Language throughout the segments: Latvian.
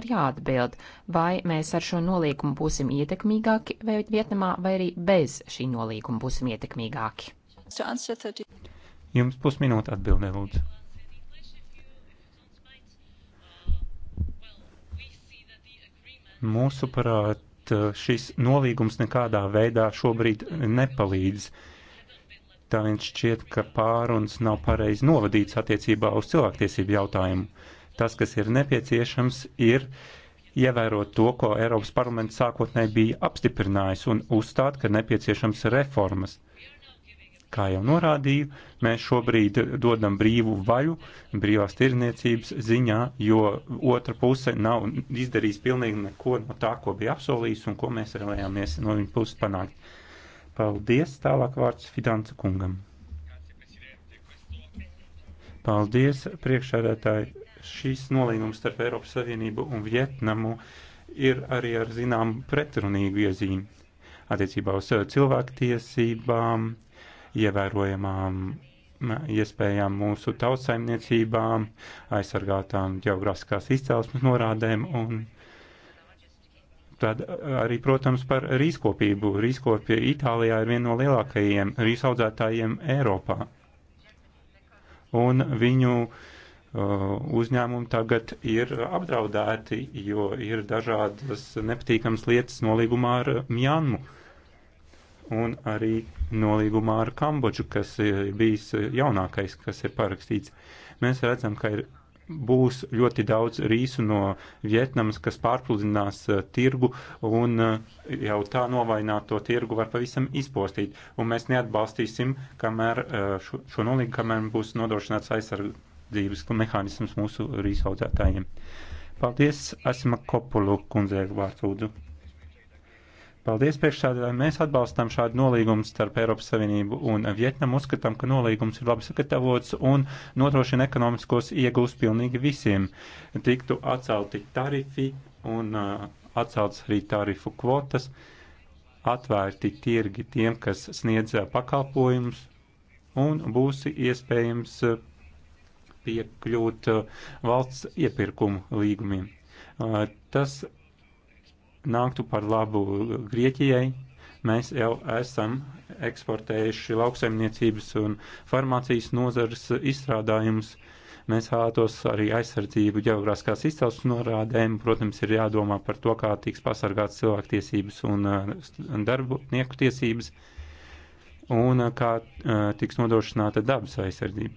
ir jāatbild, vai mēs ar šo nolīgumu būsim ietekmīgāki vai Vietnamā, vai arī bez šī nolīguma būsim ietekmīgāki. Jums pusminūte atbildē, lūdzu. Mūsuprāt, šis nolīgums nekādā veidā šobrīd nepalīdz. Tā viņš šķiet, ka pārunas nav pareizi novadīts attiecībā uz cilvēktiesību jautājumu Tas, kas ir nepieciešams, ir ievērot to, ko Eiropas parlaments sākotnēji bija apstiprinājis un uzstāt, ka nepieciešams reformas. Kā jau norādīju, mēs šobrīd dodam brīvu vaļu brīvās tirniecības ziņā, jo otra puse nav izdarījis pilnīgi neko no tā, ko bija apsolījis un ko mēs vēlējāmies no viņa puses panākt. Paldies, tālāk vārds Fidanca kungam. Paldies, priekšsēdētāji šīs nolīgums starp Eiropas Savienību un Vietnamu ir arī ar zinām pretrunīgu iezīmi attiecībā uz eh, cilvēktiesībām, ievērojamām iespējām mūsu tautsaimniecībām, aizsargātām geogrāfiskās izcelsmes norādēm un tad eh, arī, protams, par rīskopību. Rīskopie Itālijā ir viena no lielākajiem rīsaudzētājiem Eiropā. Un viņu uh, Uh, uzņēmumi tagad ir apdraudēti, jo ir dažādas nepatīkamas lietas nolīgumā ar Mjanmu un arī nolīgumā ar Kambodžu, kas ir bijis jaunākais, kas ir parakstīts. Mēs redzam, ka ir, būs ļoti daudz rīsu no Vietnamas, kas pārpludinās uh, tirgu un uh, jau tā novaināto tirgu var pavisam izpostīt. Un mēs neatbalstīsim, kamēr šo, šo nolīgu, kamēr būs nodrošināts aizsardzības palīdzības mehānisms mūsu rīsaudzētājiem. Paldies, Asima Kopulu kundzei vārds lūdzu. Paldies priekšsādātājiem. Mēs atbalstām šādu nolīgumu starp Eiropas Savienību un Vietnamu. Uzskatām, ka nolīgums ir labi sagatavots un nodrošina ekonomiskos iegūs pilnīgi visiem. Tiktu atcelti tarifi un uh, atcelts arī tarifu kvotas, atvērti tirgi tiem, kas sniedz uh, pakalpojumus un būs iespējams uh, piekļūt uh, valsts iepirkumu līgumiem. Uh, tas nāktu par labu Grieķijai. Mēs jau esam eksportējuši lauksaimniecības un farmācijas nozares izstrādājumus. Mēs vēlētos arī aizsardzību ģeogrāfiskās izcelsmes norādēm. Protams, ir jādomā par to, kā tiks pasargāts cilvēktiesības un uh, darbinieku tiesības un kā tiks nodrošināta dabas aizsardzība.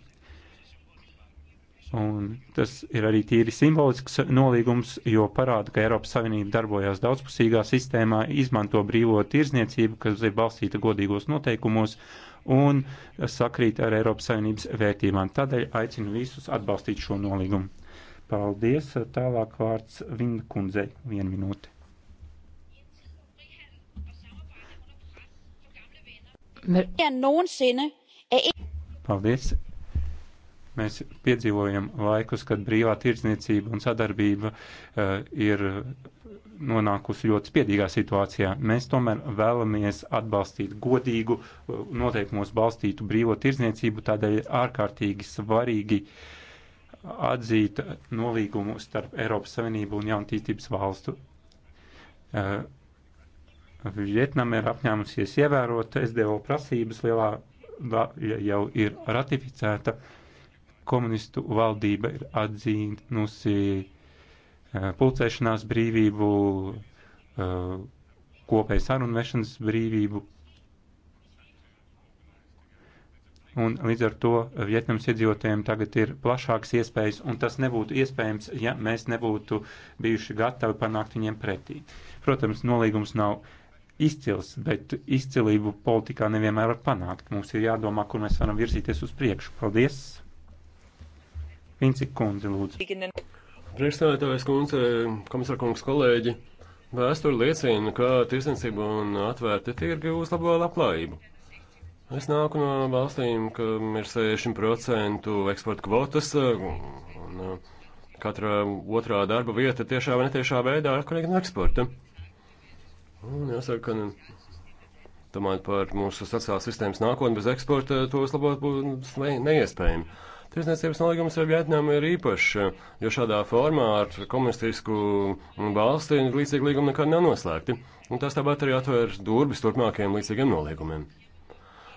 Un tas ir arī tīri simbolisks nolīgums, jo parāda, ka Eiropas Savienība darbojās daudzpusīgā sistēmā, izmanto brīvo tirzniecību, kas ir balstīta godīgos noteikumos un sakrīt ar Eiropas Savienības vērtībām. Tādēļ aicinu visus atbalstīt šo nolīgumu. Paldies. Tālāk vārds Vinda kundzei. Vienu minūti. E- Paldies. Mēs piedzīvojam laikus, kad brīvā tirdzniecība un sadarbība uh, ir nonākusi ļoti spiedīgā situācijā. Mēs tomēr vēlamies atbalstīt godīgu, eh, noteikumos balstītu brīvo tirdzniecību, tādēļ ārkārtīgi svarīgi atzīt nolīgumu starp Eiropas Savienību un jaunatīstības valstu. Eh, Vietnam ir apņēmusies ievērot SDO prasības, lielā daļa jau ir ratificēta. Uh, komunistu valdība ir atzīnusi eh, pulcēšanās brīvību, eh, kopēju sarunvešanas brīvību. Un līdz ar to Vietnams iedzīvotājiem tagad ir plašāks iespējas, un tas nebūtu iespējams, ja mēs nebūtu bijuši gatavi panākt viņiem pretī. Protams, nolīgums nav izcils, bet izcilību politikā nevienmēr var panākt. Mums ir jādomā, kur mēs varam virzīties uz priekšu. Paldies! Pincik kundze, lūdzu. Priekšstādātājs kundze, komisāra kungs, kolēģi, vēsture liecina, ka tirsniecība un atvērti tirgi uzlabo labklājību. Es nāku no valstīm, kam ir 60% eksporta kvotas, un katra otrā darba vieta tiešā vai netiešā veidā ir atkarīga no eksporta. Un jāsaka, ka nu, domājot par mūsu sociālās sistēmas nākotni bez eksporta, to uzlabot būs neiespējami. Tirzniecības nolīgums ar Vietnamu ir īpašs, jo šādā formā ar komunistisku valsti līdzīgi līgumi nekad nav noslēgti, un tas tāpat arī atvērs durvis turpmākajiem līdzīgiem nolīgumiem.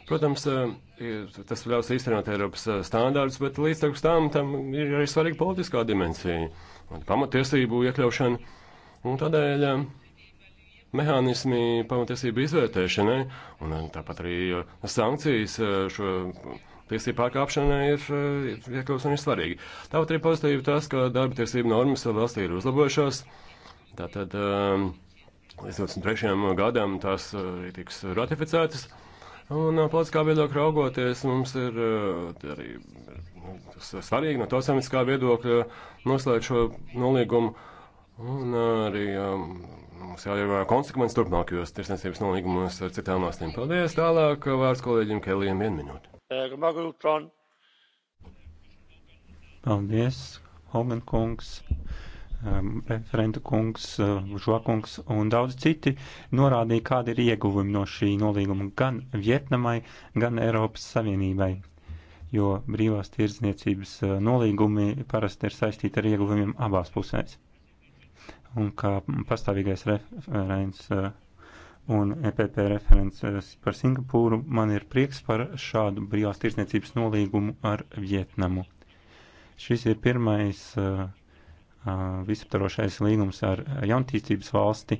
Protams, eh, tas ļaus īstenot Eiropas eh, standārdus, bet līdz tam tam ir arī svarīga politiskā dimensija, pamatiesību iekļaušana, un tādēļ eh, mehānismi pamatiesību izvērtēšanai, un tāpat arī sankcijas šo tiesību pārkāpšana ir eh, iekļauts un ir svarīga. Tāpat arī pozitīvi tas, ka darba tiesību normas valstī ir uzlabojušās. Tātad ehm, līdz 23. gadam tās eh, tiks ratificētas. Un eh, politiskā viedokļa raugoties, mums ir arī nu, svarīgi no tautsamiskā viedokļa noslēgt šo nolīgumu. Un arī ehm, mums jāievēro konsekvences turpmākajos tirsniecības nolīgumos ar citām valstīm. Paldies! Tālāk vārds kolēģim Kelijam vienu minūti. Eh, Paldies, Hogan kungs, ehm, referenta kungs, žokungs eh, un daudz citi norādīja, kāda ir ieguvumi no šī nolīguma gan Vietnamai, gan Eiropas Savienībai jo brīvās tirdzniecības eh, nolīgumi parasti ir saistīti ar ieguvumiem abās pusēs. Un kā pastāvīgais referents un EPP referents eh, par Singapūru, man ir prieks par šādu brīvās tirsniecības nolīgumu ar Vietnamu. Šis ir pirmais uh, eh, eh, visaptarošais līgums ar jauntīstības valsti,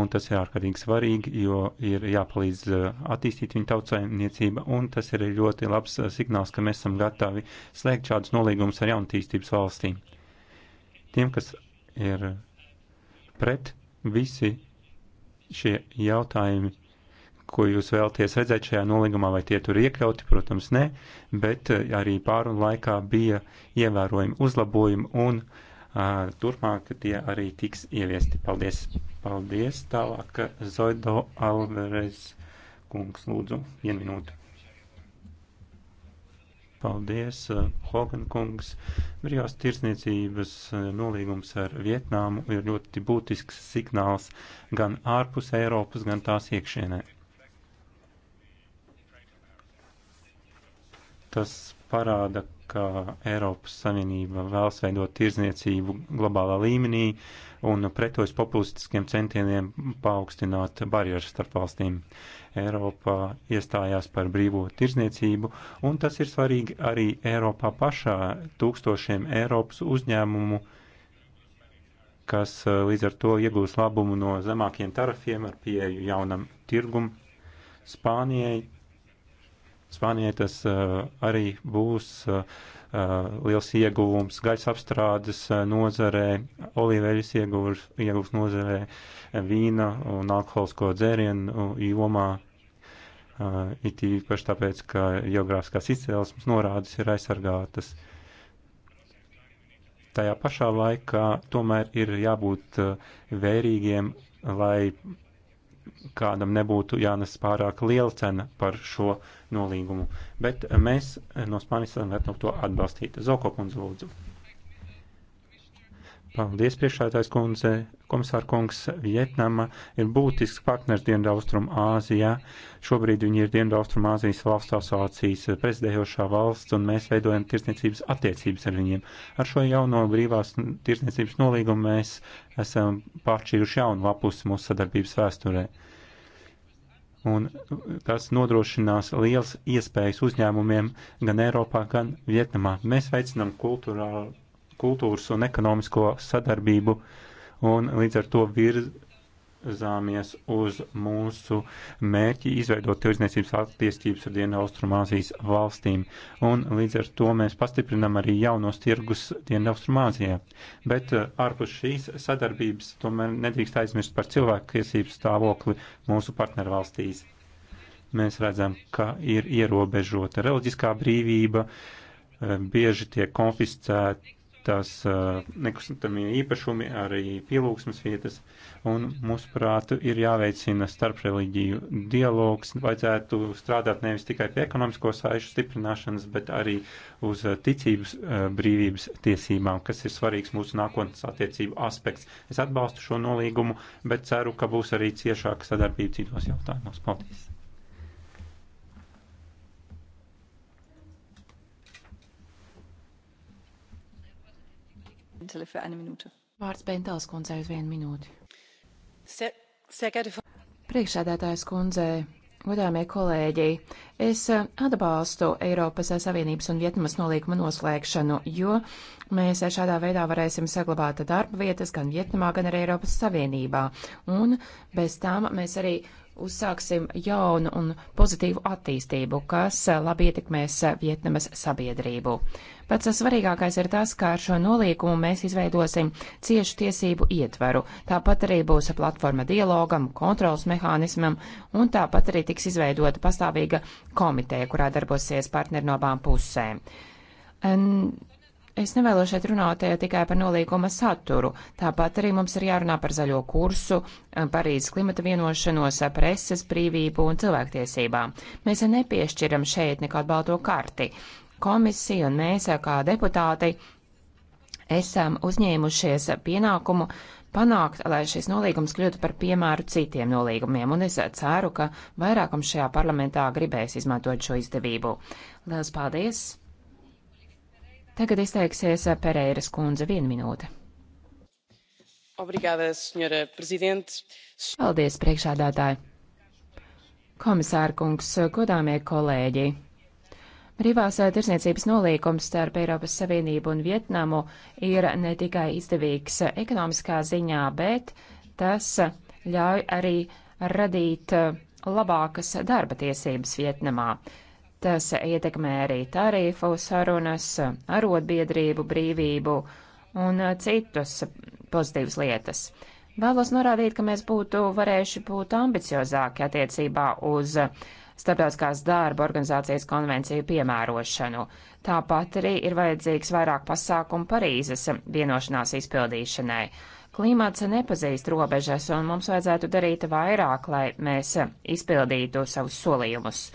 un tas ir ārkārtīgi svarīgi, jo ir jāpalīdz attīstīt viņu tautsājumniecība, un tas ir ļoti labs signāls, ka mēs esam gatavi slēgt šādus nolīgumus ar jauntīstības valstīm. Tiem, kas ir pret, visi šie jautājumi, ko jūs vēlties redzēt šajā nolīgumā, vai tie tur iekļauti, protams, nē, bet eh, arī pārunu laikā bija ievērojami uzlabojumi un uh, turpmāk tie arī tiks ieviesti. Paldies! Paldies! Tālāk Zoido Alvarez kungs lūdzu vienu minūtu. Paldies, eh, Hogan kungs. Brīvās tirsniecības eh, nolīgums ar Vietnāmu ir ļoti būtisks signāls gan ārpus Eiropas, gan tās iekšienē. Tas parāda, ka Eiropas Savienība vēlas veidot tirzniecību globālā līmenī, un pretojas populistiskiem centieniem paaugstināt barjeras starp valstīm. Eiropā iestājās par brīvo tirzniecību, un tas ir svarīgi arī Eiropā pašā tūkstošiem Eiropas uzņēmumu, kas eh, līdz ar to iegūs labumu no zemākiem tarifiem ar pieeju jaunam tirgum. Spānijai Spānijai tas uh, arī būs uh, Eh, liels ieguvums gaisa apstrādes eh, nozarē, olīveļas ieguvums, ieguvums nozarē, eh, vīna un alkoholisko dzērienu jomā. It īpaši tāpēc, ka geogrāfiskās izcēlesmes norādes ir aizsargātas. Tajā pašā laikā tomēr ir jābūt vērīgiem, lai kādam nebūtu jānes pārāk liela cena par šo nolīgumu. Bet mēs no Spānijas varam to atbalstīt. Zoko kundze lūdzu. Paldies, priekšētājs kundze, komisāra kungs, Vietnama ir būtisks partners Dienvidaustrum Āzijā. Šobrīd viņi ir Dienvidaustrum Āzijas valsts asociācijas prezidējošā valsts, un mēs veidojam tirsniecības attiecības ar viņiem. Ar šo jauno brīvās tirsniecības nolīgumu mēs esam pāršķīruši jaunu lapusi mūsu sadarbības vēsturē. Un tas nodrošinās liels iespējas uzņēmumiem gan Eiropā, gan Vietnamā. Mēs veicinām kultūrālu kultūras un ekonomisko sadarbību, un līdz ar to virzāmies uz mūsu mērķi izveidot tirzniecības attiecības ar Dienu Austrumāzijas valstīm, un līdz ar to mēs pastiprinam arī jaunos tirgus Dienu Austrumāzijā. Bet eh, ārpus šīs sadarbības tomēr nedrīkst aizmirst par cilvēku tiesību stāvokli mūsu partnervalstīs. Mēs redzam, ka ir ierobežota reliģiskā brīvība, eh, bieži tiek konfiscēti tās nekustamie īpašumi, arī pielūgsmes vietas, un mūsuprāt ir jāveicina starpreliģiju dialogs, vajadzētu strādāt nevis tikai pie ekonomisko saišu stiprināšanas, bet arī uz ticības brīvības tiesībām, kas ir svarīgs mūsu nākotnes attiecību aspekts. Es atbalstu šo nolīgumu, bet ceru, ka būs arī ciešāka sadarbība citos jautājumos. Paldies! Bentele, für eine Minute. Vārds Bentels kundzei uz vienu minūti. Se, se, Priekšsēdētājs kundzei, Godāmie kolēģi, es eh, atbalstu Eiropas eh, Savienības un Vietnamas nolīguma noslēgšanu, jo mēs eh, šādā veidā varēsim saglabāt darba vietas gan Vietnamā, gan arī Eiropas Savienībā. Un bez tām mēs arī uzsāksim jaunu un pozitīvu attīstību, kas eh, labi ietekmēs eh, Vietnamas sabiedrību. Pats eh, svarīgākais ir tas, ka ar šo nolīkumu mēs izveidosim ciešu tiesību ietvaru. Tāpat arī būs platforma dialogam, kontrols mehānismam, un tāpat arī tiks izveidota pastāvīga komiteja, kurā darbosies partneri no abām pusēm. Un Es nevēlos šeit runāt eh, tikai par nolīguma saturu. Tāpat arī mums ir jārunā par zaļo kursu, eh, Parīzes klimata vienošanos, eh, preses brīvību un cilvēktiesībām. Mēs nepiešķiram šeit nekādu balto karti. Komisija un mēs, kā deputāti, esam uzņēmušies pienākumu panākt, lai šis nolīgums kļūtu par piemēru citiem nolīgumiem, un es ceru, ka vairākums šajā parlamentā gribēs izmantot šo izdevību. Lielas paldies! Tagad izteiksies Pereiras kundze vienu minūti. Obrigada, senjora prezidents. Paldies, priekšādātāji. Komisārkungs, godāmie kolēģi. Brīvās tirsniecības nolīkums starp Eiropas Savienību un Vietnamu ir ne tikai izdevīgs ekonomiskā ziņā, bet tas ļauj arī radīt labākas darba tiesības Vietnamā. Tas ietekmē arī tarīfu sarunas, arotbiedrību brīvību un uh, citus pozitīvas lietas. Vēlos norādīt, ka mēs būtu varējuši būt ambiciozāki attiecībā uz uh, Starptautiskās darba organizācijas konvenciju piemērošanu. Tāpat arī ir vajadzīgs vairāk pasākumu Parīzes vienošanās izpildīšanai. Klimats nepazīst robežas, un mums vajadzētu darīt vairāk, lai mēs izpildītu savus solījumus.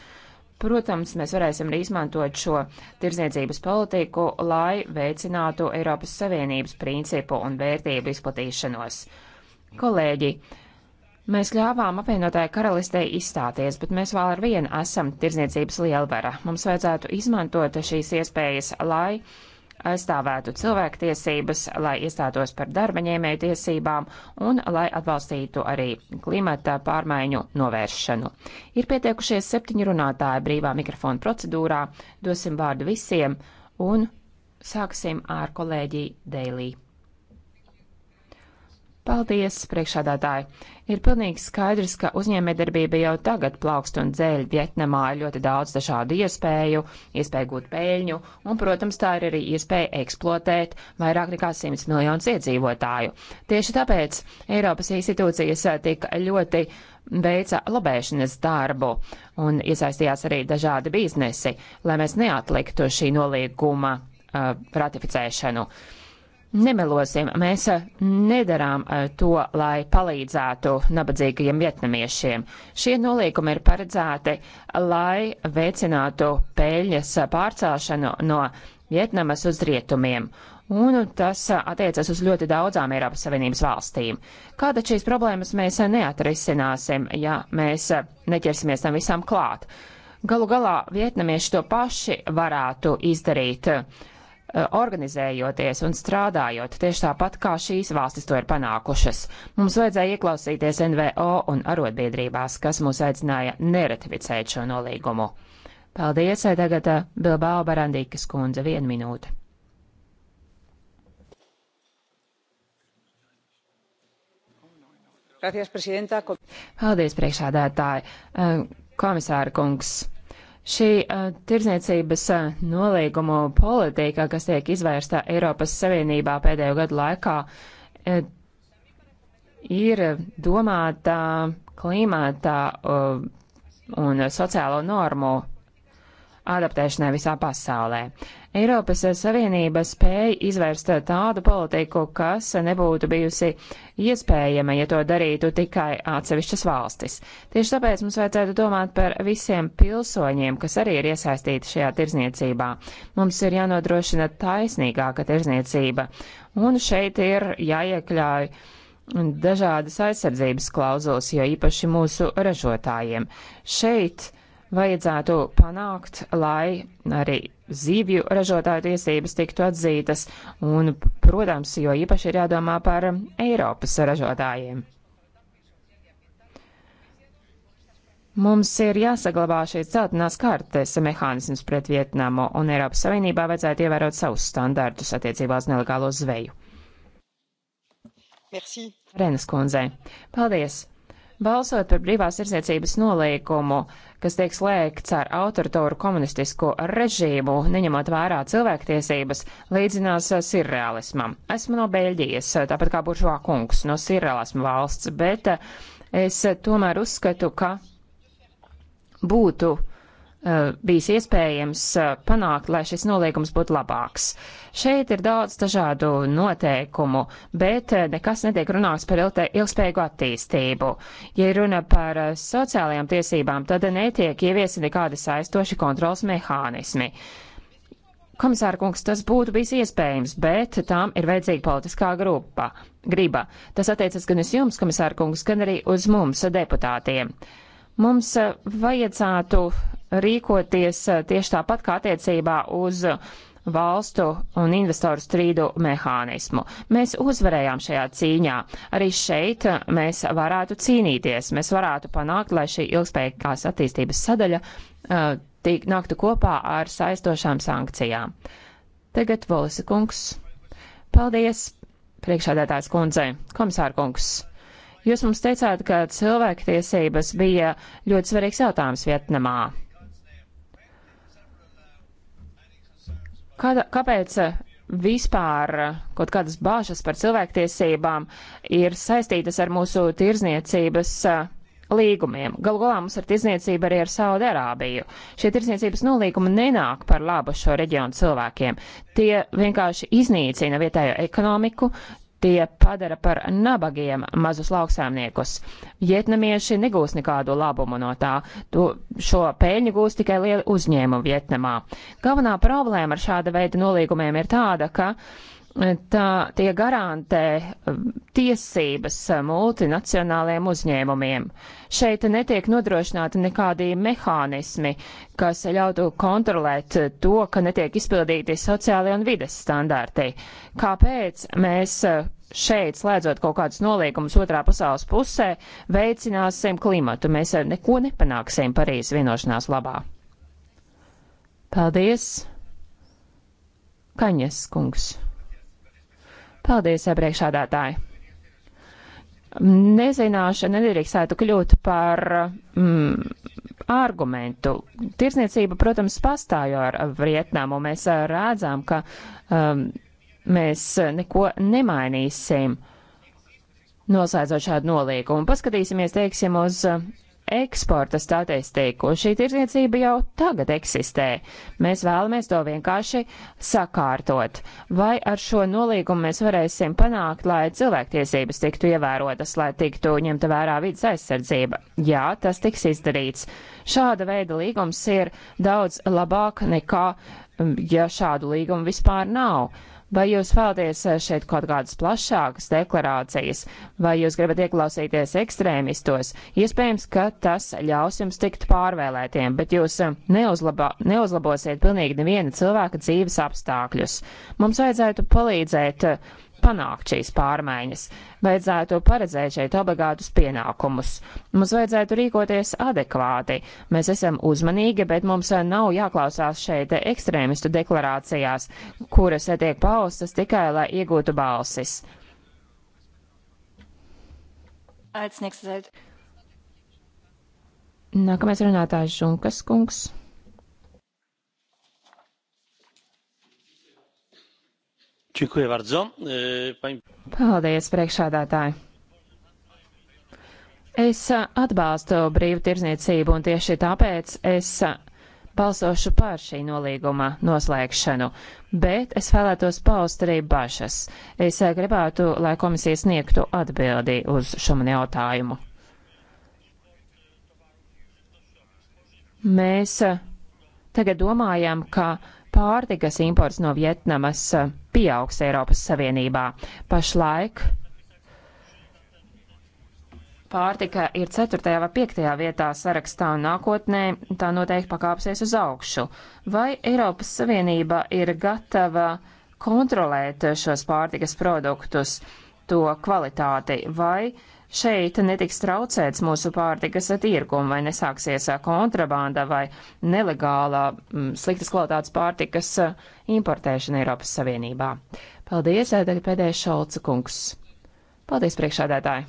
Protams, mēs varēsim arī izmantot šo tirdzniecības politiku, lai veicinātu Eiropas Savienības principu un vērtību izplatīšanos. Kolēģi, mēs ļāvām apvienotāju karalistei izstāties, bet mēs vēl ar vienu esam tirdzniecības lielvara. Mums vajadzētu izmantot šīs iespējas, lai uh, aizstāvētu cilvēktiesības, lai iestātos par darba ņēmēju tiesībām un lai atbalstītu arī klimata pārmaiņu novēršanu. Ir pietiekušies septiņi runātāji brīvā mikrofona procedūrā. Dosim vārdu visiem un sāksim ar kolēģi Deilī. Paldies, priekšādātāji! Ir pilnīgi skaidrs, ka uzņēmējdarbība jau tagad plaukst un dzēļ Vietnamā ļoti daudz dažādu iespēju, iespēju gūt peļņu, un, protams, tā ir arī iespēja eksploatēt vairāk nekā 100 miljonus iedzīvotāju. Tieši tāpēc Eiropas institūcijas tika ļoti veica lobēšanas darbu un iesaistījās arī dažādi biznesi, lai mēs neatliktu šī nolīguma uh, ratificēšanu. Uh, Nemelosim, mēs eh, nedarām eh, to, lai palīdzētu nabadzīgajiem vietnamiešiem. Šie nolīkumi ir paredzēti, lai veicinātu peļņas pārcelšanu no Vietnamas uz rietumiem. Un tas eh, attiecas uz ļoti daudzām Eiropas Savienības valstīm. Kāda šīs problēmas mēs neatrisināsim, ja mēs neķersimies tam visam klāt? Galu galā vietnamieši to paši varētu izdarīt Eh, organizējoties un strādājot tieši tāpat, kā šīs valstis to ir panākušas. Mums vajadzēja ieklausīties NVO un arotbiedrībās, kas mūs aicināja neratificēt šo nolīgumu. Paldies, eh, tagad eh, Bilbao Barandīkas kundze, viena minūte. Paldies, priekšādātāji. Komisāra kungs. Šī uh, tirzniecības uh, nolīgumu politika, kas tiek izvērsta Eiropas Savienībā pēdējo gadu laikā, uh, ir domāta klimata uh, un sociālo normu adaptēšanai visā pasaulē. Eiropas Savienība spēja izvērst tādu politiku, kas nebūtu bijusi iespējama, ja to darītu tikai atsevišķas valstis. Tieši tāpēc mums vajadzētu domāt par visiem pilsoņiem, kas arī ir iesaistīti šajā tirzniecībā. Mums ir jānodrošina taisnīgāka tirzniecība, un šeit ir jāiekļauj dažādas aizsardzības klauzulas, jo īpaši mūsu ražotājiem. Šeit vajadzētu panākt, lai arī zīvju ražotāju tiesības tiktu atzītas, un, protams, jo īpaši ir jādomā par Eiropas ražotājiem. Mums ir jāsaglabā šīs celtnās kartes mehānisms pret Vietnamu, un Eiropas Savienībā vajadzētu ievērot savus standartus attiecībā uz nelegālo zveju. Merci. Renas kundzei. Paldies! Balsot par brīvās irdzniecības nolīkumu, uh, kas tiek slēgts ar autoritāru komunistisko režīmu, neņemot vērā cilvēktiesības, līdzinās sirrealismam. Esmu no Beļģijas, tāpat kā Buržovā kungs, no sirrealismu valsts, bet es tomēr uzskatu, ka būtu Eh, bijis iespējams eh, panākt, lai šis nolīgums būtu labāks. Šeit ir daudz dažādu noteikumu, bet eh, nekas netiek runāts par ilgspējīgu attīstību. Ja runa par sociālajām tiesībām, tad netiek ieviesi nekādi saistoši kontrols mehānismi. Komisāra kungs, tas būtu bijis iespējams, bet tām ir vajadzīga politiskā grupa, griba. Tas attiecas gan uz jums, komisāra kungs, gan arī uz mums, deputātiem. Uh, Mums eh, vajadzētu rīkoties eh, tieši tāpat kā attiecībā uz valstu un investoru strīdu mehānismu. Mēs uzvarējām šajā cīņā. Arī šeit eh, mēs varētu cīnīties, mēs varētu panākt, lai šī ilgspējīgās attīstības sadaļa uh, tīk naktu kopā ar saistošām sankcijām. Tagad Volisa kungs. Paldies, priekšādētājs kundze, komisāra kungs. Jūs mums teicāt, ka cilvēktiesības bija ļoti svarīgs jautājums Vietnamā. Kāda, kāpēc vispār kaut kādas bāžas par cilvēktiesībām ir saistītas ar mūsu tirzniecības līgumiem. Galu galā mums ir tirzniecība arī ar Saudarābiju. Šie tirzniecības nolīgumi nenāk par labu šo reģionu cilvēkiem. Tie vienkārši iznīcina vietējo ekonomiku, Tie padara par nabagiem mazus lauksēmniekus. Vietnamieši negūs nekādu labumu no tā. To, šo peļņu gūs tikai lieli uzņēmumi Vietnamā. Galvenā problēma ar šāda veida nolīgumiem ir tāda, ka uh, tā tie garantē um, tiesības um, multinacionāliem uzņēmumiem. Šeit netiek nodrošināti nekādi mehānismi, kas ļautu kontrolēt uh, to, ka netiek izpildīti sociālie un vides standarti. Kāpēc mēs uh, šeit, slēdzot kaut kādus nolīgumus otrā pasaules pusē, veicināsim klimatu? Mēs uh, neko nepanāksim Parīzes vienošanās labā. Paldies! Kaņas kungs. Paldies, priekšādātāji! Nezināšana nedrīkstētu kļūt par mm, argumentu. Tirzniecība, protams, pastāv ar Vietnamu. Mēs redzam, ka um, mēs neko nemainīsim noslēdzot šādu nolīgumu. Paskatīsimies, teiksim, uz eksporta statistiku. Šī tirdzniecība jau tagad eksistē. Mēs vēlamies to vienkārši sakārtot. Vai ar šo nolīgumu mēs varēsim panākt, lai cilvēktiesības tiktu ievērotas, lai tiktu ņemta vērā vidas aizsardzība? Jā, tas tiks izdarīts. Šāda veida līgums ir daudz labāk nekā, mm, ja šādu līgumu vispār nav. Vai jūs vēlaties eh, šeit kaut kādas plašākas deklarācijas, vai jūs gribat ieklausīties ekstrēmistos? Iespējams, ka tas ļaus jums tikt pārvēlētiem, bet jūs eh, neuzlabo, neuzlabosiet pilnīgi neviena cilvēka dzīves apstākļus. Mums vajadzētu palīdzēt uh, panākt šīs pārmaiņas. Vajadzētu paredzēt šeit obligātus pienākumus. Mums vajadzētu rīkoties adekvāti. Mēs esam uzmanīgi, bet mums nav jāklausās šeit ekstrēmistu deklarācijās, kuras tiek paustas tikai, lai iegūtu balsis. Nākamais runātājs Žunkas kungs. E, Paldies, priekšādātāji! Es atbalstu brīvu tirzniecību un tieši tāpēc es balsošu par šī nolīguma noslēgšanu, bet es vēlētos paust arī bažas. Es gribētu, lai komisija sniegtu atbildi uz šo man jautājumu. Mēs tagad domājam, ka pārtikas imports no Vietnamas pieaugs Eiropas Savienībā. Pašlaik pārtika ir 4. vai 5. vietā sarakstā un nākotnē tā noteikti pakāpsies uz augšu. Vai Eiropas Savienība ir gatava kontrolēt šos pārtikas produktus, to kvalitāti, vai uh, šeit netiks traucēts mūsu pārtikas tirgum vai nesāksies uh, kontrabanda vai nelegālā mm, sliktas kvalitātes pārtikas uh, importēšana Eiropas Savienībā. Paldies, ēdaļa uh, pēdējais Šolca kungs. Paldies, priekšādētāji!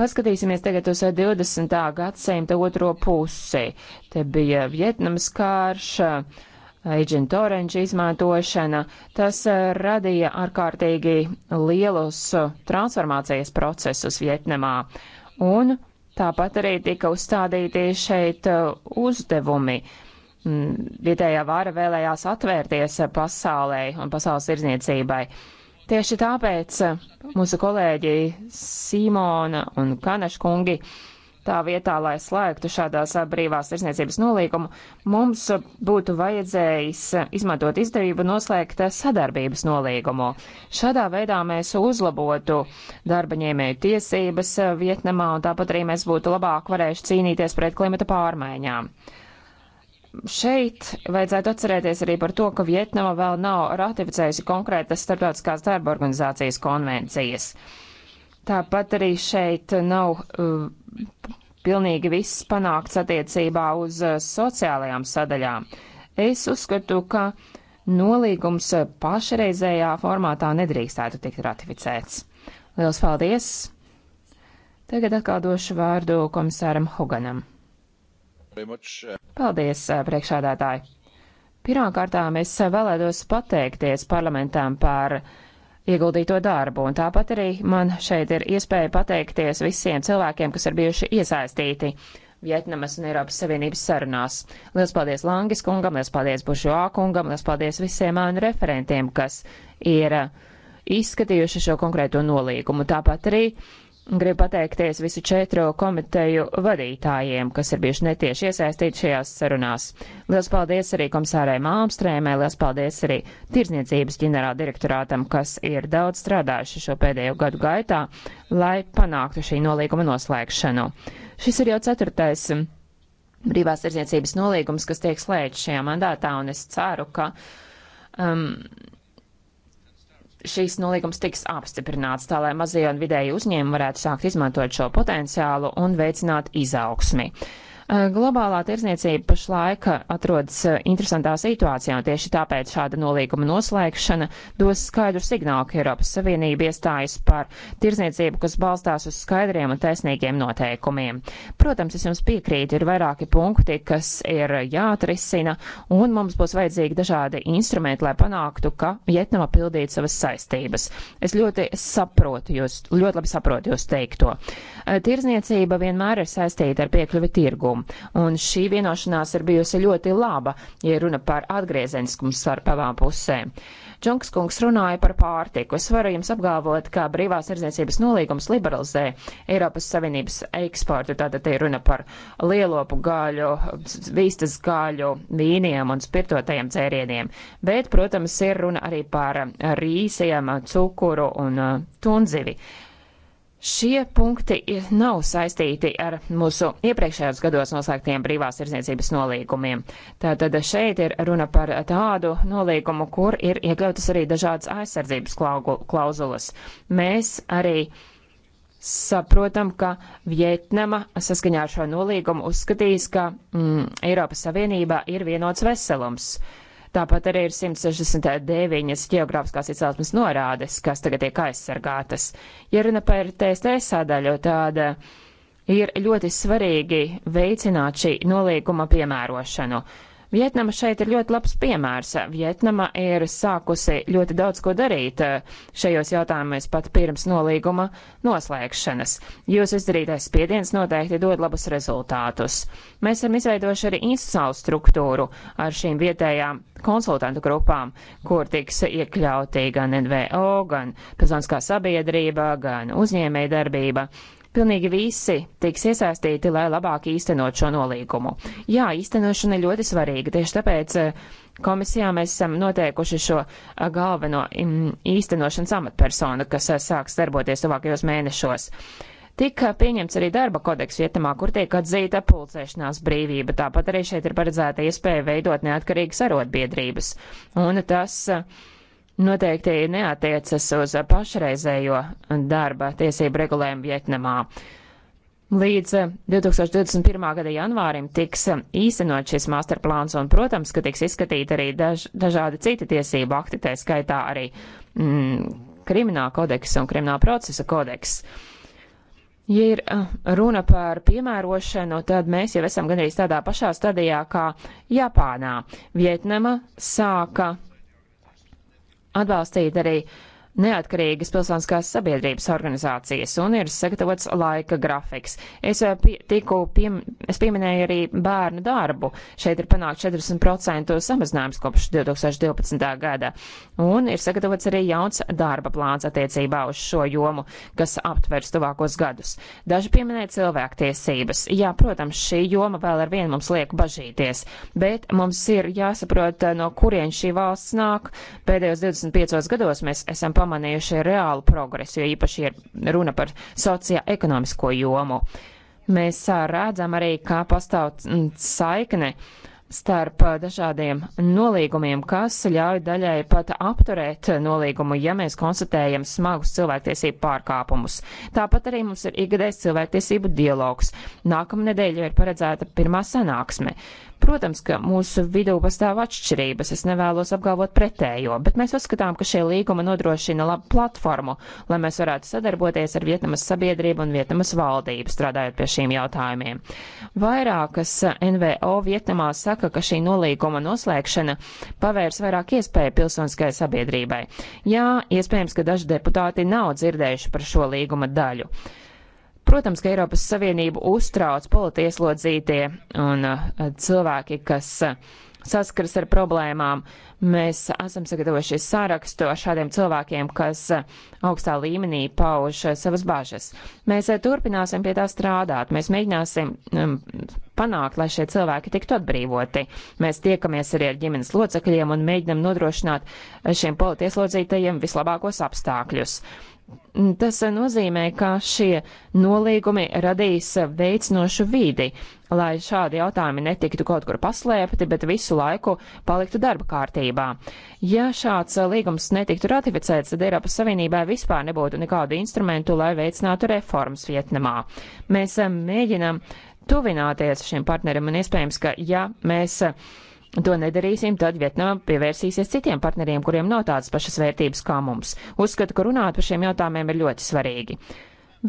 Paskatīsimies tagad uz 20. gadsimta otro pusi. Te bija Vietnams kārš, uh, Agent Orange izmantošana, tas eh, radīja ārkārtīgi lielus eh, transformācijas procesus Vietnamā. Un tāpat arī tika uzstādīti šeit eh, uzdevumi. Mm, vietējā vara vēlējās atvērties pasaulē un pasaules tirzniecībai. Tieši tāpēc mūsu kolēģi Simona un Kanaškungi kungi Tā vietā, lai slēgtu šādās brīvās tirsniecības nolīgumu, mums būtu vajadzējis izmantot izdevību noslēgt sadarbības nolīgumu. Šādā veidā mēs uzlabotu darba ņēmēju tiesības Vietnamā un tāpat arī mēs būtu labāk varējuši cīnīties pret klimata pārmaiņām šeit vajadzētu atcerēties arī par to, ka Vietnama vēl nav ratificējusi konkrētas starptautiskās darba organizācijas konvencijas. Uh, Tāpat arī šeit nav uh, pilnīgi viss panākts attiecībā uz uh, sociālajām sadaļām. Es uzskatu, ka nolīgums uh, pašreizējā formātā nedrīkstētu tikt ratificēts. Lielas paldies! Tagad atkal došu vārdu komisāram Hoganam. Uh, paldies, uh, priekšādātāji! Pirmkārtām es vēlētos pateikties parlamentām par uh, ieguldīto darbu. Un tāpat arī man šeit ir iespēja pateikties visiem cilvēkiem, kas ir bijuši iesaistīti Vietnamas un Eiropas Savienības sarunās. Lielas paldies Langis kungam, lielas paldies Bušoā kungam, lielas paldies visiem ANU referentiem, kas ir uh, izskatījuši šo konkrēto nolīgumu. Tāpat arī uh, Gribu pateikties visu četro komiteju vadītājiem, kas ir bijuši netieši iesaistīti šajās sarunās. Lielas paldies arī komisārai Māmstrēmē, lielas paldies arī Tirzniecības ģenerāldirektorātam, kas ir daudz strādājuši šo pēdējo gadu gaitā, lai panāktu šī nolīguma noslēgšanu. Šis ir jau ceturtais brīvās tirzniecības nolīgums, kas tiek slēgts šajā mandātā, un es ceru, ka. Um, šīs nolīgums tiks apstiprināts, tā lai mazie un vidēji uzņēmumi varētu sākt izmantot šo potenciālu un veicināt izaugsmi. Uh, Globālā tirzniecība pašlaik atrodas interesantā situācijā, un tieši tāpēc šāda nolīguma noslēgšana dos skaidru signālu, ka Eiropas Savienība iestājas par tirzniecību, kas balstās uz skaidriem un taisnīgiem noteikumiem. Protams, es jums piekrītu, ir vairāki punkti, kas ir jāatrisina, un mums būs vajadzīgi dažādi instrumenti, lai panāktu, ka Vietnama pildītu savas saistības. Es ļoti saprotu jūs, ļoti labi saprotu jūs teikto. Tirzniecība vienmēr ir saistīta ar piekļuvi tirgu līgumu, un šī vienošanās ir bijusi ļoti laba, ja runa par atgriezeniskumu starp abām pusēm. Džunks kungs runāja par pārtiku. Es varu jums apgalvot, ka brīvās tirdzniecības nolīgums liberalizē Eiropas Savienības eksportu. Tātad te ir runa par lielopu gaļu, vīstas gaļu, vīniem un spirtotajiem dzērieniem. Bet, protams, ir runa arī par rīsiem, cukuru un tunzivi. Uh, Šie punkti nav saistīti ar mūsu iepriekšējos gados noslēgtiem brīvās tirdzniecības nolīgumiem. Tātad šeit ir runa par tādu nolīgumu, kur ir iekļautas arī dažādas aizsardzības klauzulas. Mēs arī saprotam, ka Vietnama saskaņā ar šo nolīgumu uzskatīs, ka mm, Eiropas Savienībā ir vienots veselums. Uh, Tāpat arī ir 169 geogrāfiskās izcelsmes norādes, kas tagad tiek aizsargātas. Ja runa par TST sadaļu, tad ir ļoti svarīgi veicināt šī nolīguma piemērošanu. Vietnama šeit ir ļoti labs piemērs. Vietnama ir sākusi ļoti daudz ko darīt eh, šajos jautājumos pat pirms nolīguma noslēgšanas. Jūsu izdarītais spiediens noteikti dod labus rezultātus. Mēs esam izveidojuši arī institucionālu struktūru ar šīm vietējām konsultantu grupām, kur tiks iekļauti gan NVO, gan pilsoniskā sabiedrība, gan uzņēmējdarbība. Pilnīgi visi tiks iesaistīti, lai labāk īstenot šo nolīgumu. Jā, īstenošana ir ļoti svarīga, tieši tāpēc eh, komisijā mēs esam noteikuši šo eh, galveno mm, īstenošanas amatpersonu, kas eh, sāks darboties tuvākajos mēnešos. Tika pieņemts arī darba kodeks vietamā, kur tiek atzīta pulcēšanās brīvība. Tāpat arī šeit ir paredzēta iespēja veidot neatkarīgas arotbiedrības. Un tas uh, noteikti neatiecas uz pašreizējo darba tiesību regulējumu Vietnamā. Līdz 2021. Eh, gada janvārim tiks eh, īstenot šis masterplāns un, protams, ka tiks izskatīti arī daž, dažādi citi tiesību akti, tā skaitā arī mm, krimināla kodeks un krimināla procesa kodeks. Ja ir eh, runa par piemērošanu, tad mēs jau esam gandrīz tādā pašā stadijā kā Japānā. Vietnama sāka atbalstīt arī neatkarīgas pilsoniskās sabiedrības organizācijas un ir sagatavots laika grafiks. Es, eh, pie, tiku, piem, es pieminēju arī bērnu darbu. Šeit ir panākt 40% samazinājums kopš 2012. gada. Un ir sagatavots arī jauns darba plāns attiecībā uz šo jomu, kas aptvers tuvākos gadus. Daži pieminēja cilvēktiesības. Jā, protams, šī joma vēl ar vienu mums liek bažīties, bet mums ir jāsaprot, eh, no kurien šī valsts nāk. Pēdējos 25 gados mēs esam palīdzējuši pamanījuši reālu progresu, jo īpaši ir runa par sociāekonomisko jomu. Mēs redzam arī, kā pastāv saikne starp dažādiem nolīgumiem, kas ļauj daļai pat apturēt nolīgumu, ja mēs konstatējam smagus cilvēktiesību pārkāpumus. Tāpat arī mums ir ikgadējs cilvēktiesību dialogs. Nākamnedēļ jau ir paredzēta pirmā sanāksme. Protams, ka mūsu vidū pastāv atšķirības, es nevēlos apgalvot pretējo, bet mēs uzskatām, ka šie līguma nodrošina labu platformu, lai mēs varētu sadarboties ar Vietnamas sabiedrību un Vietnamas valdību, strādājot pie šīm jautājumiem. Vairākas NVO Vietnamā saka, ka šī nolīguma noslēgšana pavērs vairāk iespēju pilsoniskai sabiedrībai. Jā, iespējams, ka daži deputāti nav dzirdējuši par šo līguma daļu. Protams, ka Eiropas Savienību uztrauc politieslodzītie un uh, cilvēki, kas uh, saskaras ar problēmām. Mēs esam sagatavojušies sārakstu ar šādiem cilvēkiem, kas uh, augstā līmenī pauž uh, savas bažas. Mēs uh, turpināsim pie tā strādāt. Mēs mēģināsim um, panākt, lai šie cilvēki tiktu atbrīvoti. Mēs tiekamies arī ar ģimenes locekļiem un mēģinam nodrošināt šiem politieslodzītajiem vislabākos apstākļus. Mm, tas eh, nozīmē, ka šie nolīgumi radīs eh, veicinošu vīdi, lai šādi jautājumi netiktu kaut kur paslēpti, bet visu laiku paliktu darba kārtībā. Ja šāds eh, līgums netiktu ratificēts, tad Eiropas Savienībai vispār nebūtu nekādu instrumentu, lai veicinātu reformas Vietnamā. Mēs mēģinam tuvināties šim partnerim un iespējams, ka ja mēs to nedarīsim, tad Vietnama pievērsīsies citiem partneriem, kuriem nav tādas pašas vērtības kā mums. Uzskatu, ka runāt par šiem jautājumiem ir ļoti svarīgi.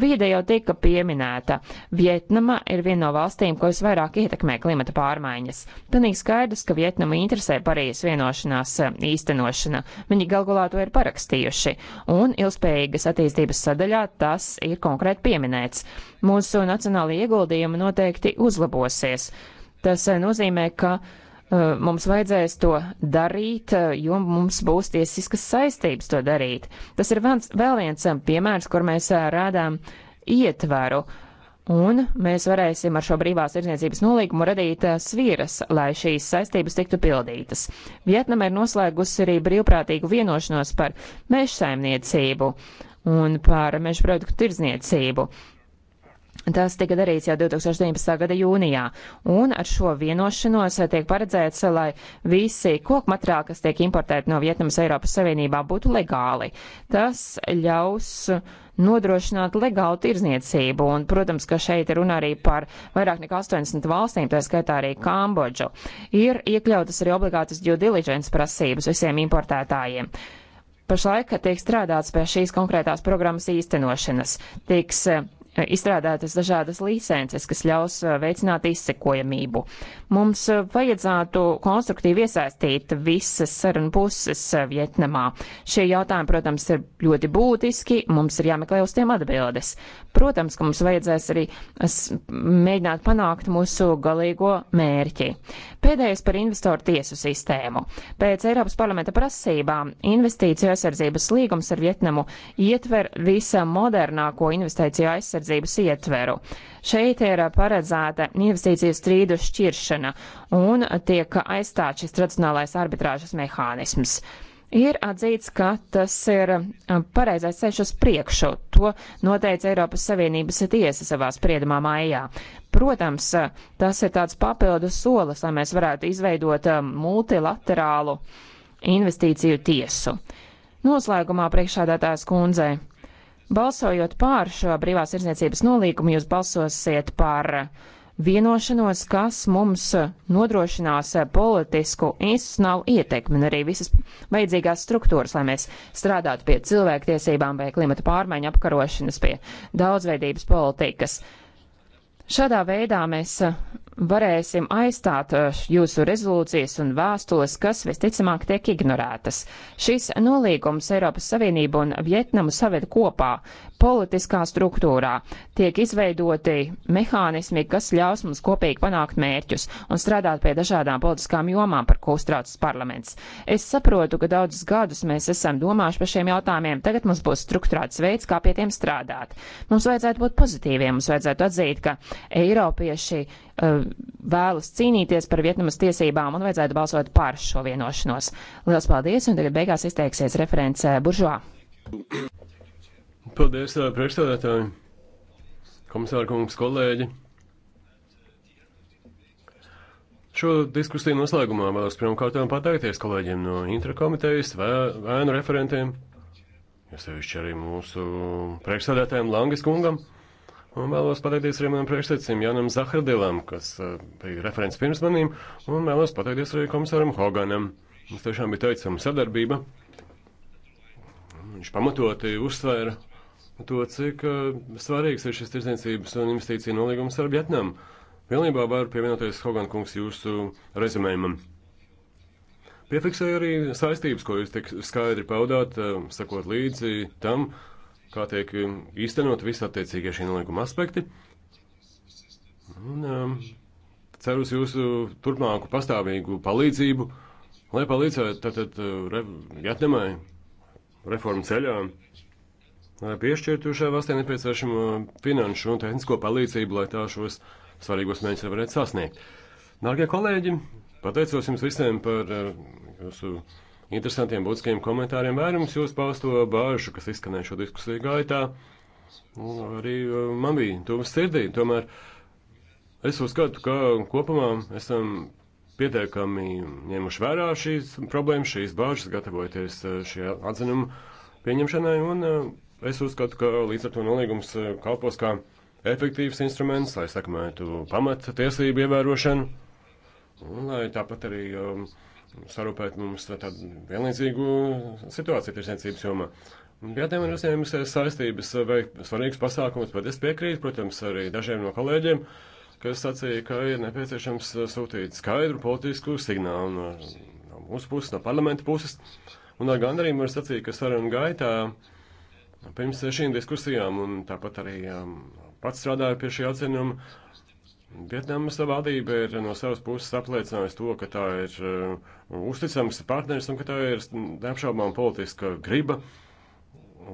Vīde jau tika pieminēta. Vietnama ir viena no valstīm, ko visvairāk ietekmē klimata pārmaiņas. Pilnīgi skaidrs, ka Vietnama interesē Parīzes vienošanās eh, īstenošana. Viņi galgulā to ir parakstījuši, un ilgspējīgas attīstības sadaļā tas ir konkrēti pieminēts. Mūsu nacionālajie ieguldījumi noteikti uzlabosies. Tas eh, nozīmē, ka uh, Eh, mums vajadzēs to darīt, eh, jo mums būs tiesiskas saistības to darīt. Tas ir vans, vēl viens eh, piemērs, kur mēs rādām ietvaru. Un mēs varēsim ar šo brīvās tirdzniecības nolīgumu radīt svīras, lai šīs saistības tiktu pildītas. Vietnama ir noslēgusi arī brīvprātīgu vienošanos par mežsaimniecību un par meža produktu tirdzniecību. Tas tika darīts jau 2019. gada jūnijā, un ar šo vienošanos tiek paredzēts, lai visi koku materiāli, kas tiek importēti no Vietnamas Eiropas Savienībā, būtu legāli. Tas ļaus nodrošināt legālu tirzniecību, un, protams, ka šeit ir runa arī par vairāk nekā 80 valstīm, tā skaitā arī Kambodžu. Ir iekļautas arī obligātas due diligence prasības visiem importētājiem. Pašlaik tiek strādāts pie šīs konkrētās programmas īstenošanas. Tiks izstrādātas dažādas licences, kas ļaus veicināt izsekojamību. Mums vajadzētu konstruktīvi iesaistīt visas sarunu puses Vietnamā. Šie jautājumi, protams, ir ļoti būtiski, mums ir jāmeklē uz tiem atbildes. Protams, ka mums vajadzēs arī mēģināt panākt mūsu galīgo mērķi. Pēdējais par investoru tiesu sistēmu. Pēc Eiropas parlamenta prasībām investīciju aizsardzības līgums ar Vietnamu ietver visam modernāko investīciju aizsardzību aizsardzības ietveru. Šeit ir paredzēta investīciju strīdu šķiršana un tiek aizstāts šis tradicionālais arbitrāžas mehānisms. Ir atzīts, ka tas ir um, pareizais ceļš uz priekšu. To noteica Eiropas Savienības tiesa savā spriedumā mājā. Protams, tas ir tāds papildus solis, lai mēs varētu izveidot um, multilaterālu investīciju tiesu. Noslēgumā priekšādātājs kundzei Balsojot pār šo brīvās irdzniecības nolīgumu, jūs balsosiet par vienošanos, kas mums nodrošinās politisku institucionālu ietekmi un arī visas vajadzīgās struktūras, lai mēs strādātu pie cilvēktiesībām, pie klimata pārmaiņu apkarošanas, pie daudzveidības politikas. Šādā veidā mēs varēsim aizstāt uh, jūsu rezolūcijas un vēstules, kas visticamāk tiek ignorētas. Šis nolīgums Eiropas Savienību un Vietnamu saved kopā politiskā struktūrā. Tiek izveidoti mehānismi, kas ļaus mums kopīgi panākt mērķus un strādāt pie dažādām politiskām jomām, par ko uztraucas parlaments. Es saprotu, ka daudzus gadus mēs esam domājuši par šiem jautājumiem, tagad mums būs struktūrāts veids, kā pie tiem strādāt. Mums vajadzētu būt pozitīviem, mums vajadzētu atzīt, ka Eiropieši Eh, vēlas cīnīties par Vietnamas tiesībām un vajadzētu balsot par šo vienošanos. Lielas paldies, un tagad beigās izteiksies referents eh, Buržoā. Paldies, eh, priekšstādātāji, komisāra kungs, kolēģi. Šo diskusiju noslēgumā vēlos pirmkārt pateikties kolēģiem no intrakomitejas, vēnu referentiem, jo sevišķi arī mūsu priekšsēdētājiem Langas kungam. Un vēlos pateikties arī manam priekšsēdētājam Janam Zahardilam, kas uh, bija referents pirms manīm, un vēlos pateikties arī komisāram Hoganam. Mums tiešām bija teicama sadarbība. Viņš pamatoti uzsvēra to, cik uh, svarīgs ir šis tirdzniecības un investīcija nolīgums ar Vietnamu. Pilnībā varu pievienoties Hogan kungs jūsu rezumējumam. Piefiksēju arī saistības, ko jūs tik skaidri paudāt, uh, sakot līdzi tam, uh, kā tiek um, īstenot visi attiecīgie šī nolīguma aspekti. Un um, ceru uz jūsu turpmāku pastāvīgu palīdzību, lai palīdzētu tātad uh, re, Jatnemai reformu ceļā, lai piešķirtu šai valstī nepieciešamo finanšu un tehnisko palīdzību, lai tā šos svarīgos mērķus varētu sasniegt. Dārgie kolēģi, pateicos jums visiem par uh, jūsu interesantiem, būtiskiem komentāriem. Vērums jūs pausto bāžu, kas izskanēja šo diskusiju gaitā. Un arī eh, man bija tuvas sirdī. Tomēr es uzskatu, ka kopumā esam pietiekami ņēmuši vērā šīs problēmas, šīs bāžas, gatavojoties eh, šie atzinumi pieņemšanai. Un eh, es uzskatu, ka līdz ar to nolīgums kalpos kā efektīvs instruments, lai sakmētu pamata tiesību ievērošanu. Un lai tāpat arī um, sarūpēt mums tādu vienlīdzīgu situāciju tirsniecības jomā. Gadiem ir uzņēmusies saistības veikt svarīgus pasākumus, bet es piekrītu, protams, arī dažiem no kolēģiem, kas sacīja, ka ir nepieciešams sūtīt skaidru politisku signālu no, no mūsu puses, no parlamenta puses. Un ar gandarījumu var sacīt, ka sarunu gaitā pirms šīm diskusijām, un tāpat arī um, pats strādāju pie šī atzinuma, Vietnamas vadība ir no savas puses apliecinājusi to, ka tā ir uh, uzticams partneris un ka tā ir neapšaubām politiska griba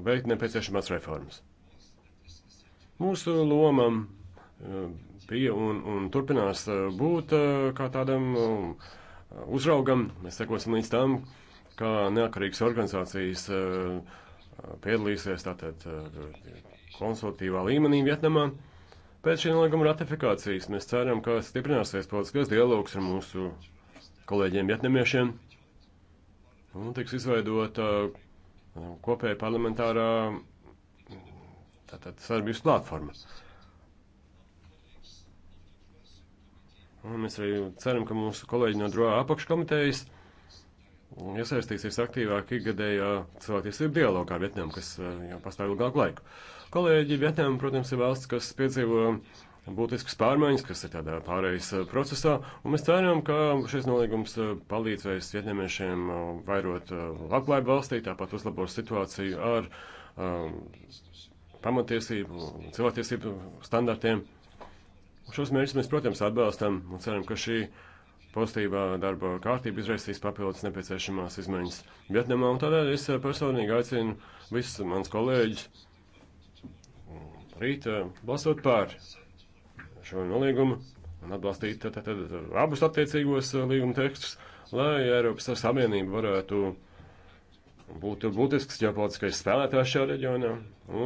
veikt nepieciešamās reformas. Mūsu loma uh, bija un, un turpinās uh, būt uh, kā tādam uh, uzraugam. Mēs sekosim līdz tam, kā neatkarīgas organizācijas uh, piedalīsies tātad uh, konsultīvā līmenī Vietnamā. Uh, Pēc šī nolīguma ratifikācijas mēs ceram, ka stiprināsies politiskais dialogs ar mūsu kolēģiem vietnamiešiem un tiks izveidota uh, kopēja parlamentārā tātad sarbības platforma. Un mēs arī ceram, ka mūsu kolēģi no DRO apakškomitejas iesaistīsies aktīvāk ikgadējā cilvēktiesību dialogā ar Vietnamu, kas eh, jau pastāv ilgāku laiku. Kolēģi, Vietnama, protams, ir valsts, kas piedzīvo būtiskas pārmaiņas, kas ir tādā pārējais eh, procesā, un mēs ceram, ka šis nolīgums eh, palīdzēs vietnamiešiem vairot labklājību valstī, tāpat uzlabos situāciju ar um, pamatiesību, cilvēktiesību standartiem. Šos mērķus mēs, protams, atbalstam un ceram, ka šī uh, Pozitīvā darba kārtība izraisīs papildus nepieciešamās izmaiņas Vietnamā, un tādēļ es eh, personīgi aicinu visus mans kolēģus mm, rīt eh, balsot pār šo nolīgumu un atbalstīt tad, tad, tad, eh, abus attiecīgos līguma tekstus, lai Eiropas Savienība varētu būt būtisks ģeopolitiskais spēlētājs šajā reģionā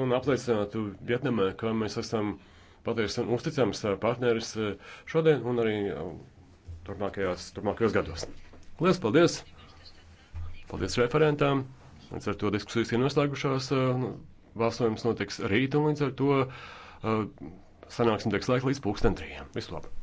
un apliecinātu Vietnamē, ka mēs esam patiesi un uzticams partneris šodien un arī turpmākajos, turpmākajos gados. Lielas paldies! Paldies referentām! Līdz ar to diskusijas ir noslēgušās. Eh, nu, balsojums notiks rīt, un līdz ar to eh, sanāksim tiek slēgt līdz pulksten trījiem. Visu labu!